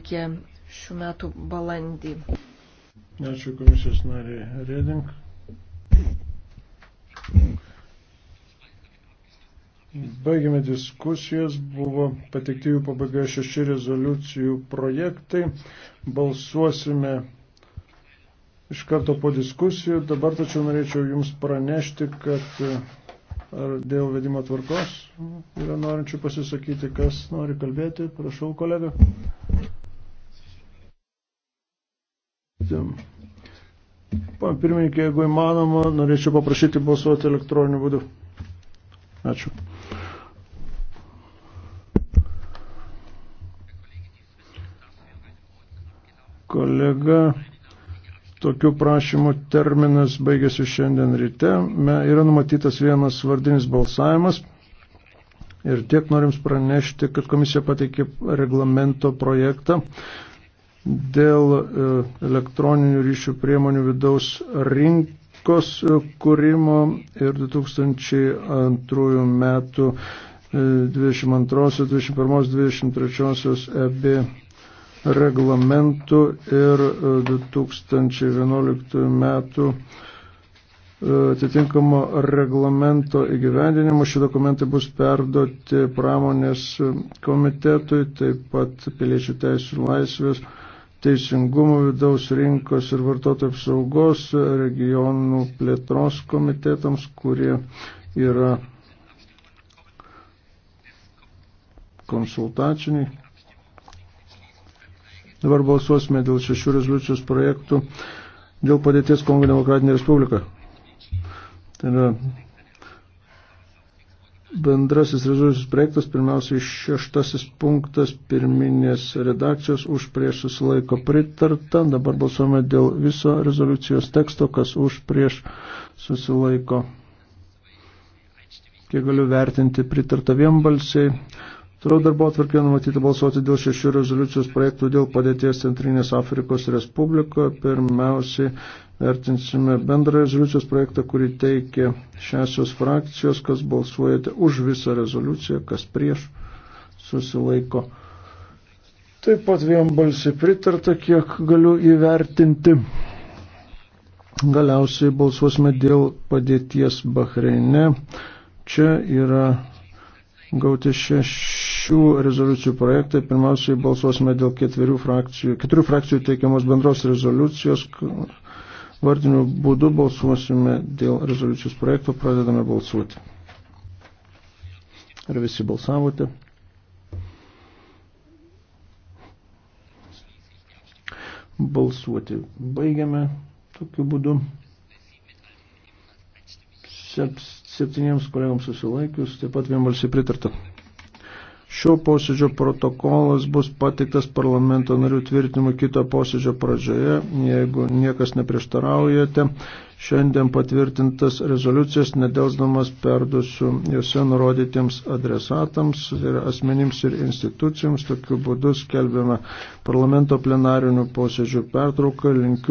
pateikė šių metų balandį. Ačiū komisijos nariai Reding. Baigėme diskusijas, buvo pateikti jų pabaigoje šeši rezoliucijų projektai, balsuosime iš karto po diskusijų. Dabar tačiau norėčiau Jums pranešti, kad ar dėl vedimo tvarkos yra norinčių pasisakyti, kas nori kalbėti. Prašau, kolega. balsuoti. Pan pirmininkė, jeigu įmanoma, norėčiau paprašyti balsuoti elektroniniu būdu. Ačiū. Kolega, tokių prašymų terminas baigėsi šiandien ryte. Me, yra numatytas vienas vardinis balsavimas. Ir tiek norim pranešti, kad komisija pateikė reglamento projektą dėl e, elektroninių ryšių priemonių vidaus rinkos e, kūrimo ir 2002 metų 22, 21, 23 EB reglamentų ir 2011 e, metų atitinkamo reglamento įgyvendinimo. Šie dokumentai bus perduoti pramonės komitetui, taip pat piliečių teisų ir laisvės teisingumo vidaus rinkos ir vartotojų apsaugos regionų plėtros komitetams, kurie yra konsultaciniai. Dabar balsuosime dėl šešių rezoliucijos projektų dėl padėties Kongo Demokratinė Respublika. Tai yra Bendrasis rezoliucijos projektas, pirmiausiai šeštasis punktas pirminės redakcijos už prieš susilaiko pritarta. Dabar balsuojame dėl viso rezoliucijos teksto, kas už prieš susilaiko. Kiek galiu vertinti pritarta vienbalsiai. Toliau darbo atvarkė numatyta balsuoti dėl šešių rezoliucijos projektų dėl padėties Centrinės Afrikos Respublikoje. Pirmiausiai vertinsime bendrą rezoliucijos projektą, kurį teikia šešios frakcijos, kas balsuojate už visą rezoliuciją, kas prieš susilaiko. Taip pat vienbalsiai pritarta, kiek galiu įvertinti. Galiausiai balsuosime dėl padėties Bahreine. Čia yra gauti šeši šių rezoliucijų projektai. Pirmiausiai balsuosime dėl ketverių frakcijų, keturių frakcijų teikiamos bendros rezoliucijos. Vardiniu būdu balsuosime dėl rezoliucijos projekto. Pradedame balsuoti. Ar visi balsavote? Balsuoti baigiame tokiu būdu. Septyniems kolegams susilaikius, taip pat vienbalsiai pritarta. Šio posėdžio protokolas bus pateiktas parlamento narių tvirtinimu kito posėdžio pradžioje. Jeigu niekas neprieštaraujate, šiandien patvirtintas rezoliucijas nedelsdamas perdusiu juose nurodytiems adresatams ir asmenims ir institucijoms. Tokiu būdu skelbiame parlamento plenarinių posėdžių pertrauką. Linkiu